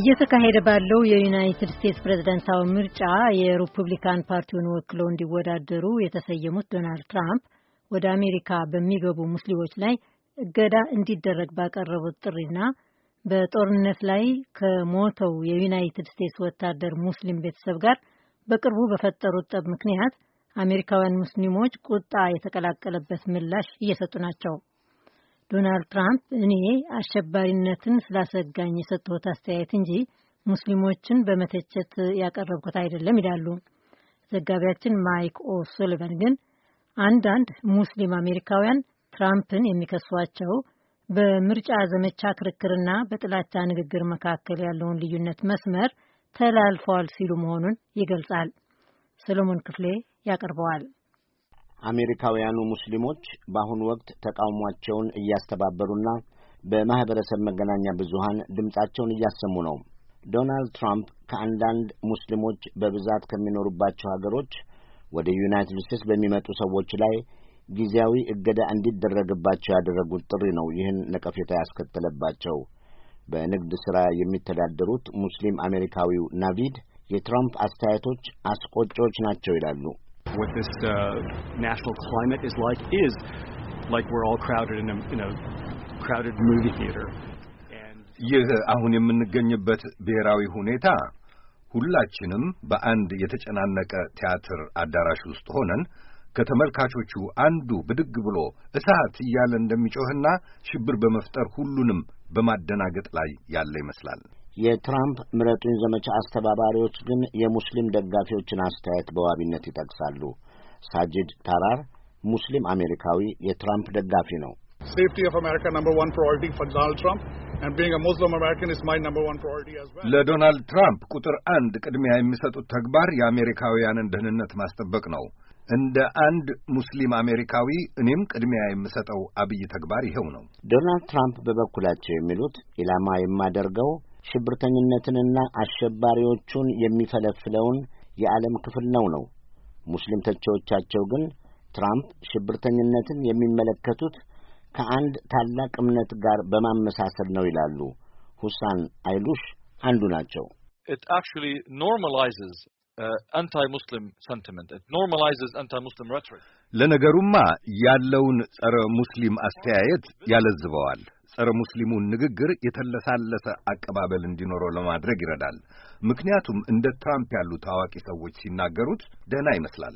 እየተካሄደ ባለው የዩናይትድ ስቴትስ ፕሬዝደንታዊ ምርጫ የሪፑብሊካን ፓርቲውን ወክለው እንዲወዳደሩ የተሰየሙት ዶናልድ ትራምፕ ወደ አሜሪካ በሚገቡ ሙስሊሞች ላይ እገዳ እንዲደረግ ባቀረቡት ጥሪና በጦርነት ላይ ከሞተው የዩናይትድ ስቴትስ ወታደር ሙስሊም ቤተሰብ ጋር በቅርቡ በፈጠሩት ጠብ ምክንያት አሜሪካውያን ሙስሊሞች ቁጣ የተቀላቀለበት ምላሽ እየሰጡ ናቸው። ዶናልድ ትራምፕ እኔ አሸባሪነትን ስላሰጋኝ የሰጠሁት አስተያየት እንጂ ሙስሊሞችን በመተቸት ያቀረብኩት አይደለም ይላሉ። ዘጋቢያችን ማይክ ኦ ሱሊቨን ግን አንዳንድ ሙስሊም አሜሪካውያን ትራምፕን የሚከሷቸው በምርጫ ዘመቻ ክርክርና በጥላቻ ንግግር መካከል ያለውን ልዩነት መስመር ተላልፈዋል ሲሉ መሆኑን ይገልጻል። ሰሎሞን ክፍሌ ያቀርበዋል። አሜሪካውያኑ ሙስሊሞች በአሁኑ ወቅት ተቃውሟቸውን እያስተባበሩና በማህበረሰብ መገናኛ ብዙሃን ድምጻቸውን እያሰሙ ነው። ዶናልድ ትራምፕ ከአንዳንድ ሙስሊሞች በብዛት ከሚኖሩባቸው ሀገሮች ወደ ዩናይትድ ስቴትስ በሚመጡ ሰዎች ላይ ጊዜያዊ እገዳ እንዲደረግባቸው ያደረጉት ጥሪ ነው ይህን ነቀፌታ ያስከተለባቸው። በንግድ ሥራ የሚተዳደሩት ሙስሊም አሜሪካዊው ናቪድ የትራምፕ አስተያየቶች አስቆጮች ናቸው ይላሉ። ይህ አሁን የምንገኝበት ብሔራዊ ሁኔታ ሁላችንም በአንድ የተጨናነቀ ቲያትር አዳራሽ ውስጥ ሆነን ከተመልካቾቹ አንዱ ብድግ ብሎ እሳት እያለ እንደሚጮህና ሽብር በመፍጠር ሁሉንም በማደናገጥ ላይ ያለ ይመስላል። የትራምፕ ምረጡኝ ዘመቻ አስተባባሪዎች ግን የሙስሊም ደጋፊዎችን አስተያየት በዋቢነት ይጠቅሳሉ። ሳጅድ ታራር ሙስሊም አሜሪካዊ የትራምፕ ደጋፊ ነው። ለዶናልድ ትራምፕ ቁጥር አንድ ቅድሚያ የሚሰጡት ተግባር የአሜሪካውያንን ደህንነት ማስጠበቅ ነው። እንደ አንድ ሙስሊም አሜሪካዊ እኔም ቅድሚያ የምሰጠው አብይ ተግባር ይኸው ነው። ዶናልድ ትራምፕ በበኩላቸው የሚሉት ኢላማ የማደርገው ሽብርተኝነትንና አሸባሪዎቹን የሚፈለፍለውን የዓለም ክፍል ነው ነው። ሙስሊም ተቺዎቻቸው ግን ትራምፕ ሽብርተኝነትን የሚመለከቱት ከአንድ ታላቅ እምነት ጋር በማመሳሰል ነው ይላሉ። ሁሳን አይሉሽ አንዱ ናቸው። uh, ለነገሩማ ያለውን ጸረ ሙስሊም አስተያየት ያለዝበዋል። የጸረ ሙስሊሙን ንግግር የተለሳለሰ አቀባበል እንዲኖረው ለማድረግ ይረዳል። ምክንያቱም እንደ ትራምፕ ያሉ ታዋቂ ሰዎች ሲናገሩት ደህና ይመስላል።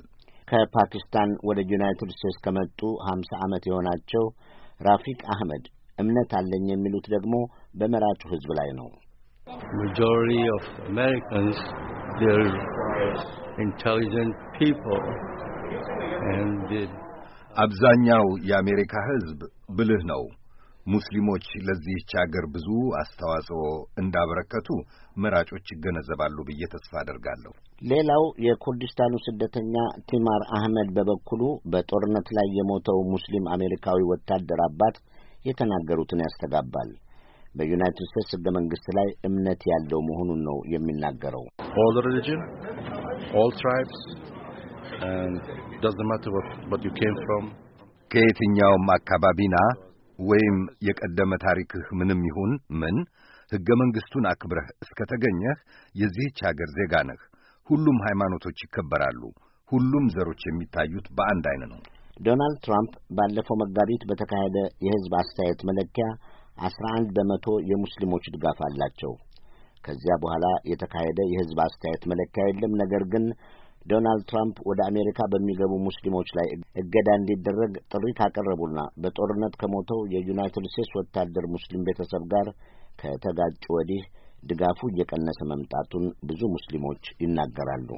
ከፓኪስታን ወደ ዩናይትድ ስቴትስ ከመጡ ሀምሳ ዓመት የሆናቸው ራፊቅ አህመድ እምነት አለኝ የሚሉት ደግሞ በመራጩ ሕዝብ ላይ ነው። majority of Americans they're intelligent people and አብዛኛው የአሜሪካ ሕዝብ ብልህ ነው። ሙስሊሞች ለዚህች አገር ብዙ አስተዋጽኦ እንዳበረከቱ መራጮች ይገነዘባሉ ብዬ ተስፋ አደርጋለሁ። ሌላው የኩርዲስታኑ ስደተኛ ቲማር አህመድ በበኩሉ በጦርነት ላይ የሞተው ሙስሊም አሜሪካዊ ወታደር አባት የተናገሩትን ያስተጋባል። በዩናይትድ ስቴትስ ሕገ መንግሥት ላይ እምነት ያለው መሆኑን ነው የሚናገረው። ኦል ሪሊጅን ኦል ትራይብስ ከየትኛውም አካባቢና ወይም የቀደመ ታሪክህ ምንም ይሁን ምን ሕገ መንግሥቱን አክብረህ እስከ ተገኘህ የዚህች አገር ዜጋ ነህ። ሁሉም ሃይማኖቶች ይከበራሉ። ሁሉም ዘሮች የሚታዩት በአንድ ዓይን ነው። ዶናልድ ትራምፕ ባለፈው መጋቢት በተካሄደ የሕዝብ አስተያየት መለኪያ አስራ አንድ በመቶ የሙስሊሞች ድጋፍ አላቸው። ከዚያ በኋላ የተካሄደ የሕዝብ አስተያየት መለኪያ የለም። ነገር ግን ዶናልድ ትራምፕ ወደ አሜሪካ በሚገቡ ሙስሊሞች ላይ እገዳ እንዲደረግ ጥሪ ካቀረቡና በጦርነት ከሞተው የዩናይትድ ስቴትስ ወታደር ሙስሊም ቤተሰብ ጋር ከተጋጩ ወዲህ ድጋፉ እየቀነሰ መምጣቱን ብዙ ሙስሊሞች ይናገራሉ።